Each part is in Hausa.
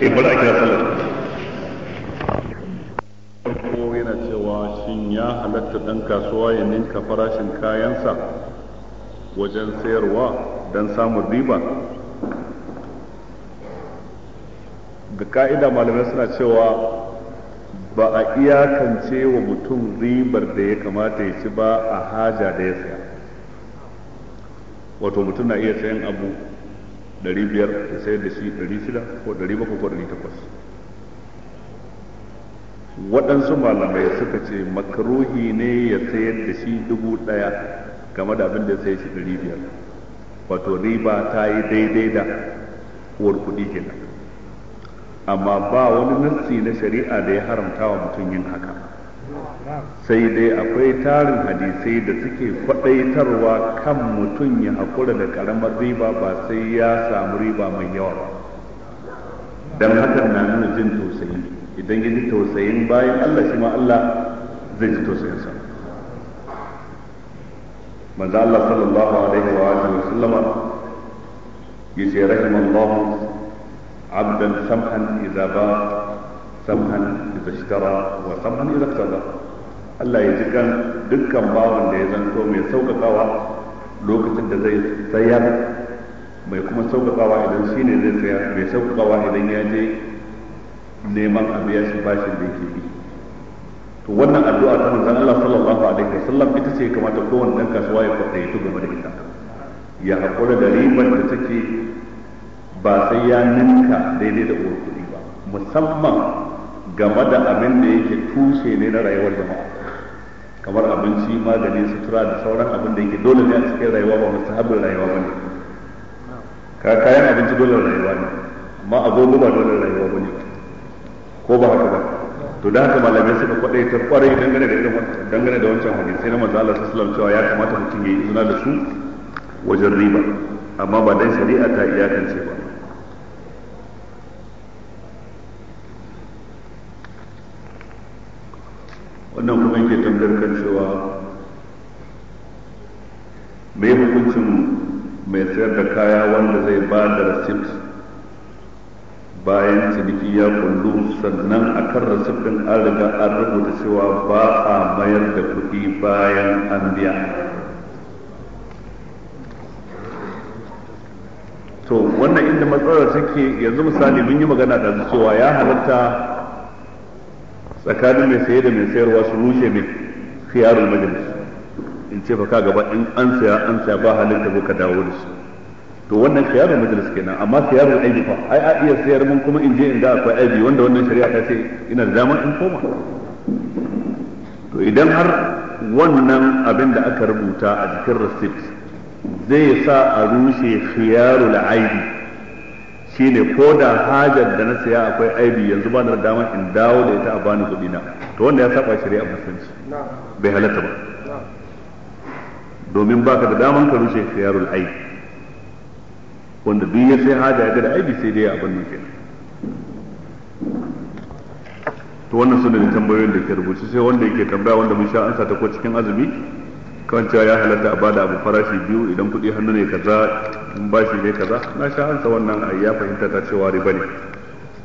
eh a kira sallar farko yana cewa shin ya halatta dan kasuwa ya ninka farashin kayansa wajen sayarwa don samun riba ga ka'ida malamai suna cewa ba a iyakance wa mutum ribar da ya kamata ya ci ba a haja da ya saya wato mutum na iya sayan abu ɗari biyar sayar da shi ɗari shida ko ɗari bakwai ko ɗari takwas waɗansu malamai suka ce makaruhi ne ya sayar da shi dubu ɗaya game da abin da ya sayar shi ɗari biyar wato riba ta yi daidai da uwar kuɗi kenan amma ba wani nassi na shari'a da ya haramta wa mutum yin haka sai dai akwai tarin hadisai da suke faɗaitarwa kan mutum ya haƙura da ƙaramar riba ba sai ya samu riba mai yawa ba don hakan na nuna jin tausayi idan ya ji tausayin bayan Allah shi ma Allah zai ji tausayinsa manzo Allah sallallahu alaihi wa alihi wa ya ce rahimallahu abdan samhan idza ba samhan idza ishtara wa sam'an idza iqtada Allah ya jikan dukkan bawan da ya zanto mai sauƙaƙawa lokacin da zai sayar mai kuma sauƙaƙawa idan shi ne zai sayar mai sauƙaƙawa idan ya je neman abu ya shi bashin da yake bi to wannan addu'a ta manzon Allah sallallahu alaihi wasallam ita ce kamata kowanne dan kasuwa ya kwaɗayi ita game da ita ya hakura da riban da take ba sai ya ninka daidai da uwar kuɗi ba musamman game da abin da yake tushe ne na rayuwar jama'a kamar abinci magani sutura da sauran abin da yake dole ne a cikin rayuwa ba wasu habin rayuwa ba ne ka kayan abinci dole rayuwa ne amma agogo ba dole rayuwa ba ne ko ba haka ba to da haka malamai suka kwadai ta kwarai dangane da irin dangane da wancan hadisi na manzo Allah sulam cewa ya kamata mutum ya yi izina da su wajen riba amma ba dai shari'a ta iyakance ba wannan kuma yake tambayar kan cewa mai hukuncin mai sayar da kaya wanda zai ba da rasit bayan ciniki ya kullu sannan a kan rasit ɗin an riga an rubuta cewa ba a mayar da kuɗi bayan an biya to wannan inda matsalar take yanzu misali mun yi magana da cewa ya halatta tsakanin mai saye da mai sayarwa su rushe mai khiyarul majalis in ce fa ka gaba in an saya an saya ba halin ka zo ka dawo da su to wannan khiyarul majalis kenan amma khiyarul aibi fa ai a iya sayar mun kuma in je in ga akwai aibi wanda wannan shari'a ta ce ina da dama in koma to idan har wannan abin da aka rubuta a cikin receipt zai sa a rushe khiyarul aibi shine ko da hajar da na saya akwai aibi yanzu ba da damar in dawo da ita a bani kuɗi na to wanda ya saba shari'a musulunci bai halatta ba domin baka da damar ka rushe khiyarul aibi wanda duk ya sai haja ya ga da aibi sai dai abin nan kenan to wannan sunan tambayoyin da ke rubuce sai wanda yake tambaya wanda mun sha ansa ta ko cikin azumi kan cewa ya halatta a bada abu farashi biyu idan kuɗi hannu ne kaza in bashi ne kaza na sha ansa wannan a ya fahimta ta cewa riba ne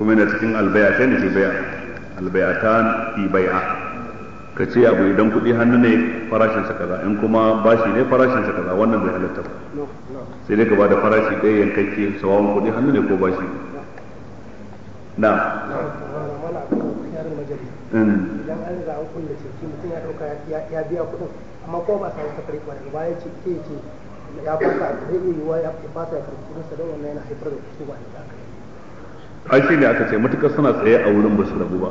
kuma yana cikin albaya ta ne baya albaya ta fi bai'a ka ce abu idan kuɗi hannu ne farashin sa kaza in kuma bashi ne farashin sa kaza wannan bai halatta ba sai dai ka bada farashi ɗaya yankakke sawawan kuɗi hannu ne ko bashi na an riga an mutum ya ya biya kuɗin amma ba ba baya ce ce ya ya ya sa don wannan yana haifar da ba ai shi ne aka ce matukar suna tsaye a wurin ba su rabu ba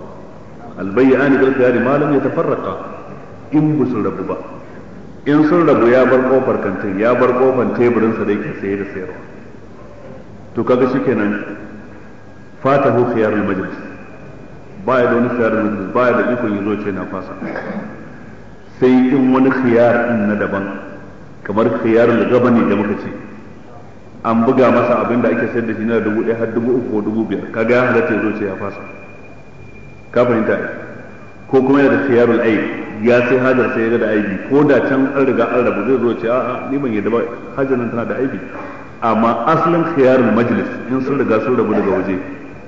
albayyani bil khiyari malam ya tafarraqa in ba su rabu ba in sun rabu ya bar kofar kantin ya bar kofar teburin sa da yake saye da sayarwa to kaga shikenan fatahu khiyarul majlis baya da wani khiyarul majlis baya da ikon yazo ce na fasa sai in wani khiyar din na daban kamar khiyarul gabani da muka ce an buga masa abin da ake sayar da shi na dubu ɗaya har dubu uku ko dubu biyar kaga ya halatta ya zo ce ya fasa ka fahimta ko kuma yana da khiyarul aiki ya sai hajar sai ya da aibi ko da can an riga an rabu zai zo ce a'a ni ban yadda ba hajar nan tana da aibi amma asalin khiyarul majlis in sun riga sun rabu daga waje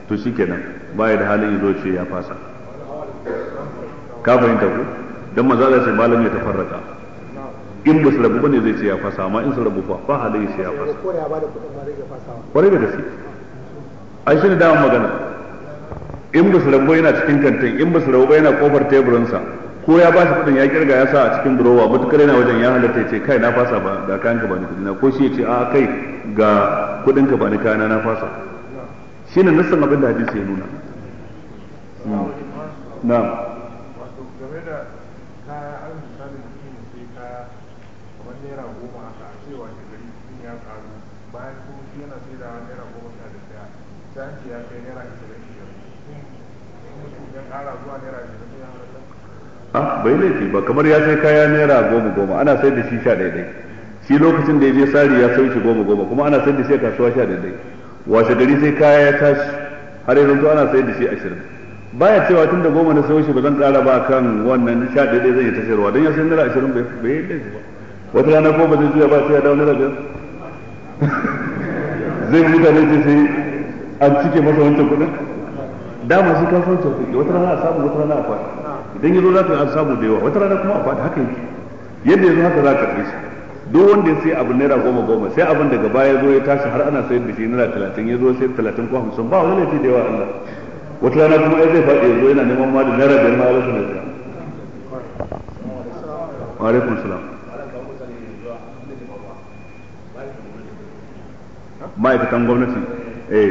to shi kenan baya da halin yazo ce ya fasa ka fahimta ku dan maza za ce malam ya tafarraka in ba su rabu bane zai ce ya fasa amma in su rabu fa ba halin sai ya fasa kwarai da gaske ai shi ne dama magana in ba su rabu yana cikin kantin in ba su rabu yana kofar teburinsa ko ya ba shi kudin ya kirga ya sa a cikin durowa mutukar yana wajen ya halatta ya ce kai na fasa ba ga kayanka ba ni kudina ko shi ya ce a kai ga kudinka ba ni kayana na fasa ne nassan abin da hadisi ya nuna hmm. na'am wato game da ce laifi ba kamar ya sai kaya naira goma goma ana sai da shi sha daidai. shi lokacin da ya je sari ya sai shi goma goma kuma ana sai da shi a kasuwa sha daidai. washe gari sai kaya ya tashi har yanzu ana sayar da shi ashirin baya cewa tun da goma na sayo shi ba zan ƙara ba kan wannan sha ɗaya zai yi ta sayarwa don ya sayar naira ashirin bai yi laifi ba wata rana ko ba zai juya ba sai ya dawo naira biyar zai mutane ce sai an cike masa wancan kuɗin dama shi kasuwancin kuɗi wata rana a samu wata rana a faɗi idan ya zo za ka an samu da yawa wata rana kuma a faɗi haka yake yadda yanzu haka za ka ɗaya shi duk wanda ya sai abu naira goma goma sai abin daga baya zo ya tashi har ana sayar da shi naira talatin ya zo sai talatin ko hamsin ba wani fi da yawa Allah wata rana kuma ai zai faɗi ya zo yana neman ma da naira biyar ma wasu rasa na Wa alaikum salam. Ma'aikatan gwamnati. Eh.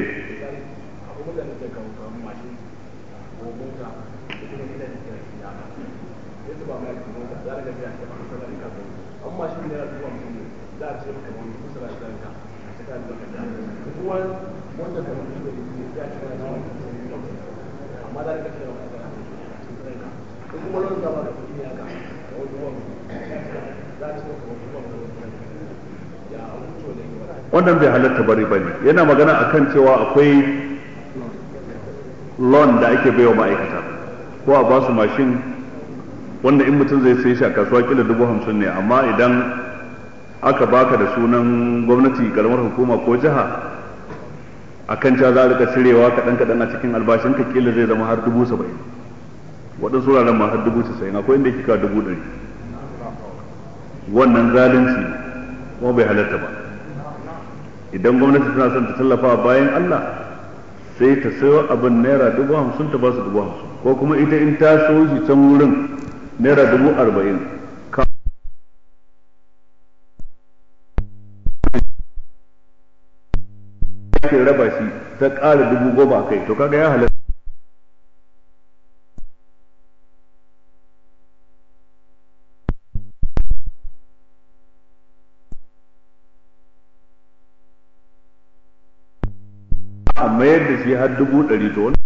Amma shi ne za a ce maka wani da a da da a ce wannan bai halatta bari bane yana magana akan cewa akwai loan da ake baiwa ma'aikata ko a basu mashin wanda in mutum zai sai shi a kasuwa kila dubu hamsin ne amma idan aka baka da sunan gwamnati karamar hukuma ko jiha A kan ca za a rika cirewa kaɗan kaɗan a cikin albashin ka kila zai zama har dubu saba'in waɗansu wuraren ma har dubu casa'in akwai inda kika dubu ɗari wannan zalunci kuma bai halarta ba idan gwamnati tana son ta tallafa bayan Allah sai ta sayo abin naira dubu hamsin ta ba su dubu hamsin ko kuma ita in ta so shi can wurin naira dubu arba'in sake raba shi ta ƙara dubu goma kai to kaga ya halatta mayar da shi har dubu ɗari to wani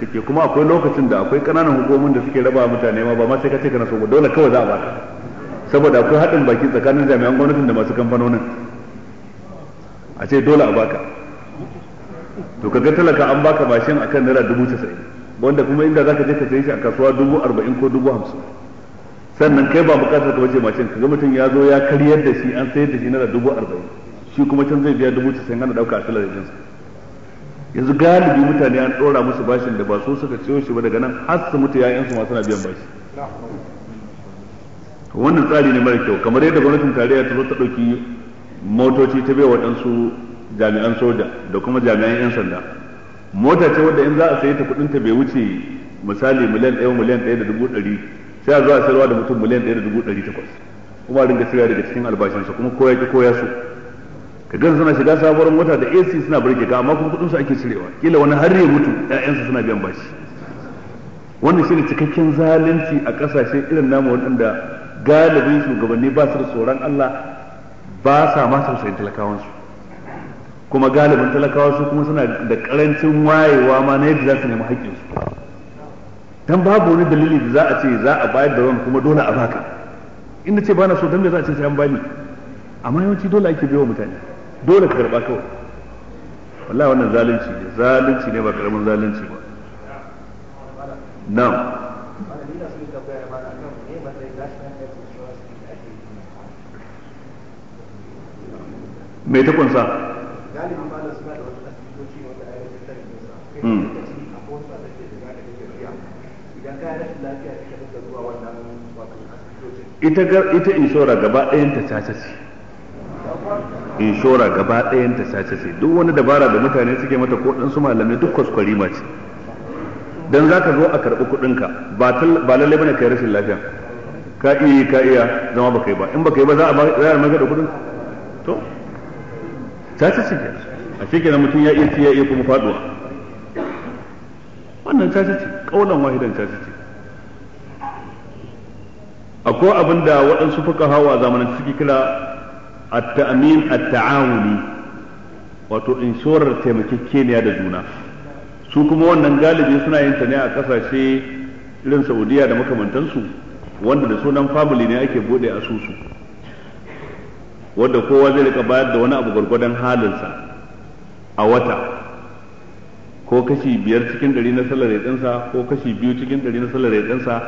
kake kuma akwai lokacin da akwai ƙananan hukumomin da suke raba mutane ma ba ma sai ka ce kana so dole kawai za a baka saboda akwai haɗin baki tsakanin jami'an gwamnatin da masu kamfanonin a ce dole a baka to kaga talaka an baka mashin akan naira dubu casa'in wanda kuma inda za ka je ka sayi shi a kasuwa dubu arba'in ko dubu hamsin sannan kai ba bukatar ka wace mashin kaga mutum ya zo ya karyar da shi an sayar da shi naira dubu arba'in shi kuma can zai biya dubu casa'in ana ɗauka a jinsa yanzu galibi mutane an ɗora musu bashin da ba su suka ciyo shi ba daga nan har su mutu yayansu ma na biyan bashi wannan tsari ne mara kyau kamar yadda gwamnatin tarayya ta zo ta dauki motoci ta bai waɗansu jami'an soja da kuma jami'an 'yan sanda mota ce wadda in za a sayi ta kudin ta bai wuce misali miliyan ɗaya miliyan ɗaya da dubu ɗari sai a zuwa sayarwa da mutum miliyan ɗaya da dubu ɗari takwas kuma a ringa sayarwa daga cikin albashinsa kuma koya ki koya su ka gan suna shiga sabuwar mota da AC suna burge ka amma kuma kudin su ake cirewa kila wani har ya mutu ƴaƴansa suna biyan bashi wannan shine cikakken zalunci a ƙasashe irin namu waɗanda galibin shugabanni ba su da tsoron Allah ba sa ma sayin talakawansu kuma galibin talakawa su kuma suna da karancin wayewa ma na yadda za su nemi haƙƙinsu dan babu wani dalili da za a ce za a bayar da ruwan kuma dole a baka inda ce bana so dan me za a ce sai an bani amma yawanci dole ake biyo mutane dole ka karba kawai wallahi wannan zalunci ne zalunci ne ba karamin zalunci ba na'am mai ta kunsa ita inshora gaba ɗayan ta sace ce inshora gaba ɗayan ta sace ce duk wani dabara da mutane suke mata ko ɗansu malamai duk kwaskwarima ce don za ka zo a karɓi kuɗinka ba lallai bane kai rashin lafiya ka iya ka iya zama ba kai ba in ba kai ba za a maka da kuɗin to ta ce ce a shi kenan mutum ya iya ci ya iya kuma faduwa wannan ta ce kaulan wahidan ta ce akwai abin da waɗansu fuka hawa zamanin suke kira at-ta'min at-ta'awuni wato inshorar keniya da juna su kuma wannan galibi suna yin ta ne a kasashe irin Saudiya da makamantansu wanda da sunan family ne ake bude asusu wanda kowa zai rika bayar da wani abu gwargwadon halinsa a wata ko kashi biyar cikin ɗari na salari ɗinsa ko kashi biyu cikin ɗari na salari ɗinsa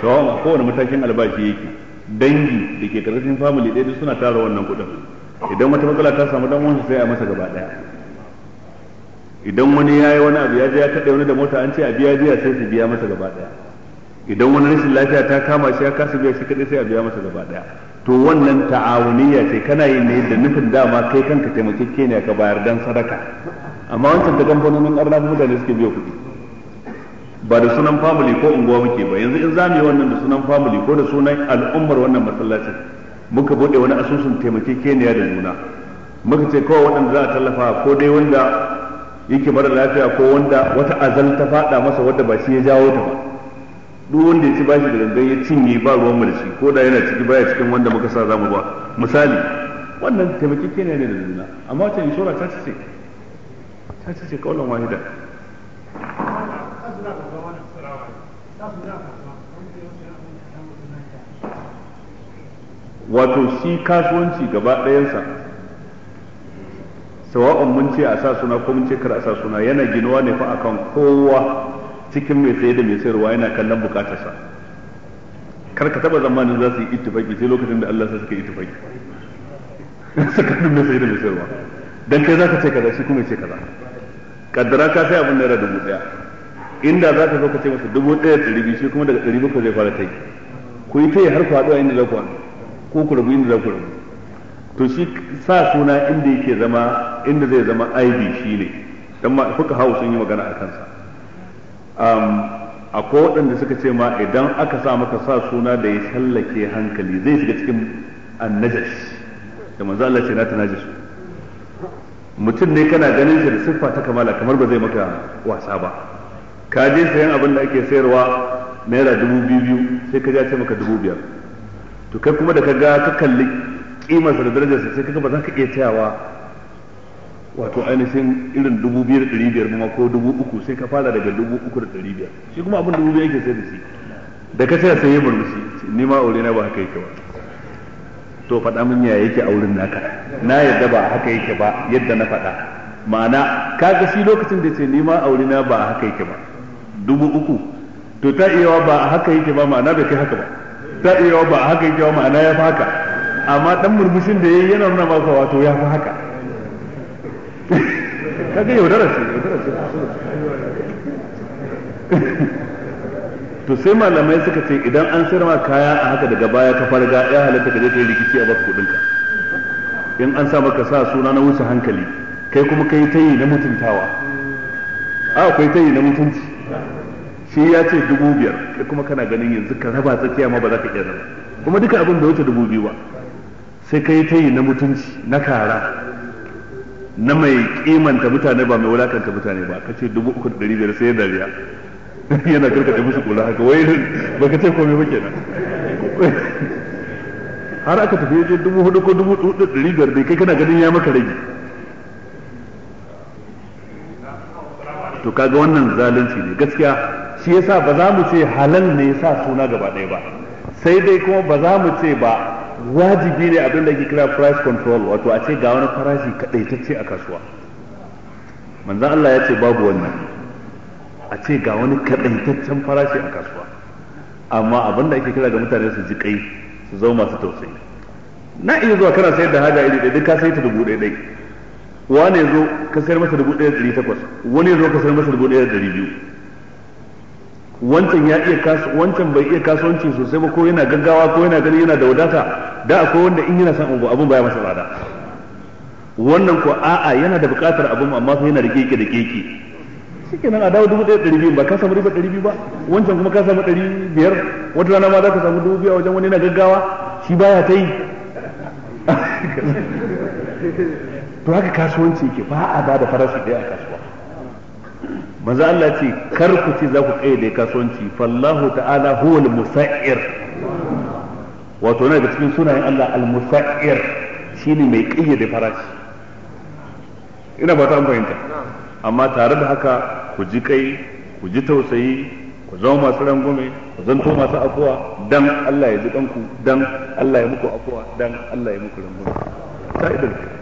sawa a kowane matakin albashi yake dangi da ke karkashin family ɗaya suna tara wannan kuɗin idan wata matsala ta samu dan wani sai a masa gaba ɗaya idan wani ya yi wani abu ya je ya kaɗe wani da mota an ce a biya biya sai su biya masa gaba ɗaya idan wani rashin lafiya ta kama shi ya kasa biya shi kaɗai sai a biya masa gaba ɗaya to wannan ta'awuniyya ce kana yin ne da nufin dama kai kanka taimakeke ne ka bayar dan sadaka amma wancan ta kamfanonin arna mutane suke biya kuɗi ba da sunan family ko unguwa muke ba yanzu in zamu yi wannan da sunan family ko da sunan al'ummar wannan masallacin muka bude wani asusun ne da nuna muka ce kawai waɗanda za a tallafa ko dai wanda yake mara lafiya ko wanda wata azal ta faɗa masa wadda ba shi ya jawo ta ba duk wanda ya ci bashi da gangan ya cinye ba ruwan mu da shi ko da yana ciki baya cikin wanda muka sa zamu ba misali wannan taimakekeniya ne da juna amma wata inshora ta ce ta ce kaulan wahida wato shi kasuwanci gaba ɗayansa sawa'un mun ce a sa suna ko mun ce kar a sa suna yana ginuwa ne fa akan kowa cikin mai saye da mai sayarwa yana kallon bukatarsa kar ka taba zamanin za su yi ittifaki sai lokacin da Allah sai suka yi ittifaki tsakanin mai saye da mai sayarwa dan kai zaka ce kaza shi kuma ya ce kaza kaddara ka sai abin naira dubu daya inda za ka zo ka ce masa dubu daya ɗari biyu shi kuma daga ɗari bakwai zai fara ta yi ku yi yi har ku haɗu a inda za ku haɗu ko ku rabu inda za ku rabu to shi sa suna inda yake zama inda zai zama aibi shi ne dan ma fuka hawo sun yi magana a kansa Um, ko waɗanda suka ce ma idan aka sa maka sa suna da ya shallake hankali zai shiga cikin annajas da manzo Allah ce na ta najis mutum ne kana ganin shi da siffa ta kamala kamar ba zai maka wasa ba ka je sayan abin da ake sayarwa naira dubu biyu biyu sai ka ga ce maka dubu biyar to kai kuma da ka ga ka kalli kimar da darajar sai ka ba za ka iya tayawa wato ainihin irin dubu biyar ɗari biyar ma ko dubu uku sai ka fara daga dubu uku da ɗari biyar shi kuma abin dubu biyar yake sai da shi da ka sai sai ya murmushi ni ma aure na ba haka yake ba to faɗa min ya yake a wurin naka na yadda ba haka yake ba yadda na faɗa ma'ana kaga shi lokacin da ce ni ma aure na ba haka yake ba dubu uku to ta iya ba haka yake ba ma'ana bai kai haka ba ta iya ba haka yake ba ma'ana ya fi haka amma dan murmushin da yayi yana nuna maka wato ya fi haka kaga yaudara ce yaudara ce to sai malamai suka ce idan an sayar ma kaya a haka daga baya ka farga ya halatta ka je ka yi rikici a baka kudinka. in an sa maka sa suna na wuce hankali kai kuma kai ta yi na mutuntawa a akwai tayi na mutunci shi ya ce dubu biyar kai kuma kana ganin yanzu ka raba tsakiya ma ba za ka iya zama kuma duka abin da wuce dubu biyu ba sai kai tayi na mutunci na kara na mai kimanta mutane ba mai wulakanta mutane ba kace dubu uku da ɗari biyar sai riya yana karkata musu kula haka wai ba ka ce komai ba kenan har aka tafi yaje dubu hudu ko dubu hudu da ɗari biyar dai kai kana ganin ya maka rage to kaga wannan zalunci ne gaskiya shi yasa ba za mu ce halal ne yasa suna gaba ɗaya ba sai dai kuma ba za mu ce ba wajibi ne abin da ke kira price control wato a ce ga wani farashi ce a kasuwa manzon Allah ya ce babu wannan a ce ga wani kadaitaccen farashi a kasuwa amma abin da ake kira ga mutane su ji kai su zama masu tausayi na iya zuwa kana sayar da haja iri ɗaya duk ka sai ta dubu ɗaya ɗaya wani zo ka sayar masa dubu ɗaya ɗari takwas wani zo ka sayar masa dubu ɗaya ɗari biyu wancan ya iya wancan bai iya kasuwanci sosai ba ko yana gaggawa ko yana gani yana da wadata da akwai wanda in yana son abu abun baya masa tsada wannan ko a'a yana da buƙatar abun amma sai yana da keke da keke a dawo dubu ɗaya ɗari biyu ba ka samu riba ɗari biyu ba wancan kuma ka samu ɗari biyar wata rana ma za ka samu dubu biyu a wajen wani yana gaggawa shi baya ta yi to haka kasuwanci ke ba a ba da farashi ɗaya a kasuwa manzo Allah ce kar ku ci za ku kayyade kasuwanci fallahu ta'ala huwal musa'ir wato ne da cikin sunayen Allah al musa'ir shine mai kayyade farashi ina ba ta an fahimta amma tare da haka ku ji kai ku ji tausayi ku zama masu rangume ku zanto masu afuwa dan Allah ya ji kanku dan Allah ya muku afuwa dan Allah ya muku rangume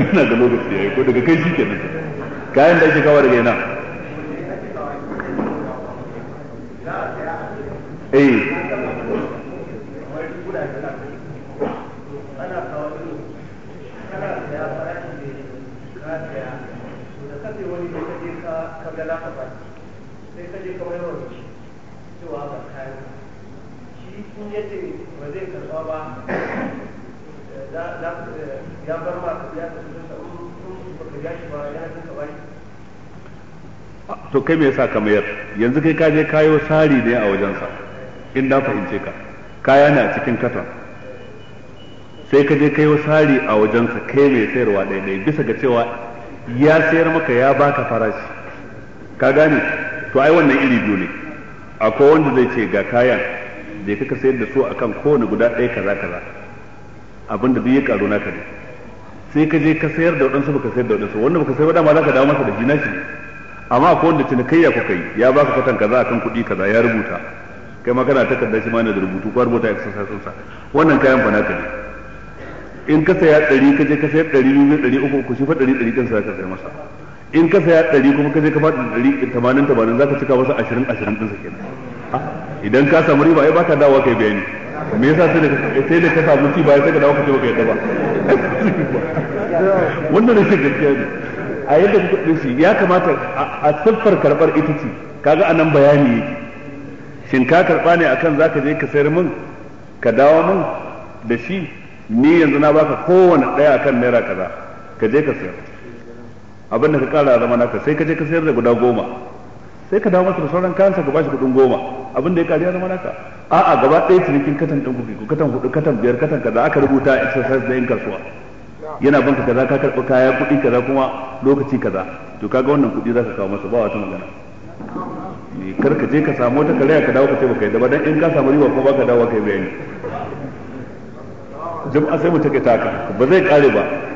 ina da lokaci yayi ko daga kai shikenan kayan da ake kawo daga ina eh ba zai karba ba to kai me yasa ka mayar yanzu kai ka je kayo sari ne a wajensa in na fahimce ka kaya na cikin katon sai ka je kayo sari a wajensa kai mai sayarwa ɗaiɗai bisa ga cewa ya sayar maka ya baka farashi ka gane to ai wannan iri biyu ne akwai wanda zai ce ga kayan je ka sayar da su akan kowane guda ɗaya kaza kaza abinda duk ya karo naka ne sai ka je ka sayar da waɗansu baka sayar da waɗansu wanda baka sayar ma za ka dawo masa da jina shi amma akwai wanda cinikayya kuka yi ya baka katan kaza akan kuɗi kaza ya rubuta kai ma kana takarda shi ma yana da rubutu ko rubuta exercise sa wannan kayan fa naka ne in ka saya ɗari ka je ka sayar ɗari biyu ɗari uku ku shi fa ɗari ɗari ɗin sa ka sayar masa in ka saya ɗari kuma ka je ka faɗi ɗari tamanin tamanin za ka cika masa ashirin ashirin sa kenan ah, idan ka samu riba ai baka dawowa kai bayani me yasa sai da sai da ka samu ci bayan sai ka dawo ka ce baka yadda ba wannan shi gaskiya ne a yadda kuka dace shi ya kamata a siffar karbar ita ce kaga anan nan bayani yake shin ka karɓa ne akan zaka je ka sayar min ka dawo min da shi ni yanzu na baka kowane daya akan naira kaza ka je ka sayar abin da ka ƙara zama naka sai ka je ka sayar da guda goma sai ka dawo masa da sauran kayansa ka bashi kudin goma abin da ya kariya zama naka a'a gaba ɗaya cinikin katan ɗin kuɗi ko katan hudu katan biyar katan kaza aka rubuta a exercise da yin kasuwa yana banka kaza ka karɓi kaya kuɗi kaza kuma lokaci kaza to kaga wannan kuɗi za ka kawo masa ba wata magana eh, kar ka je ka samu wata karaya ka dawo ka ce baka yadda ba dan in ka samu riba ko baka dawo kai bayani jama'a sai mu take taka ba zai kare ba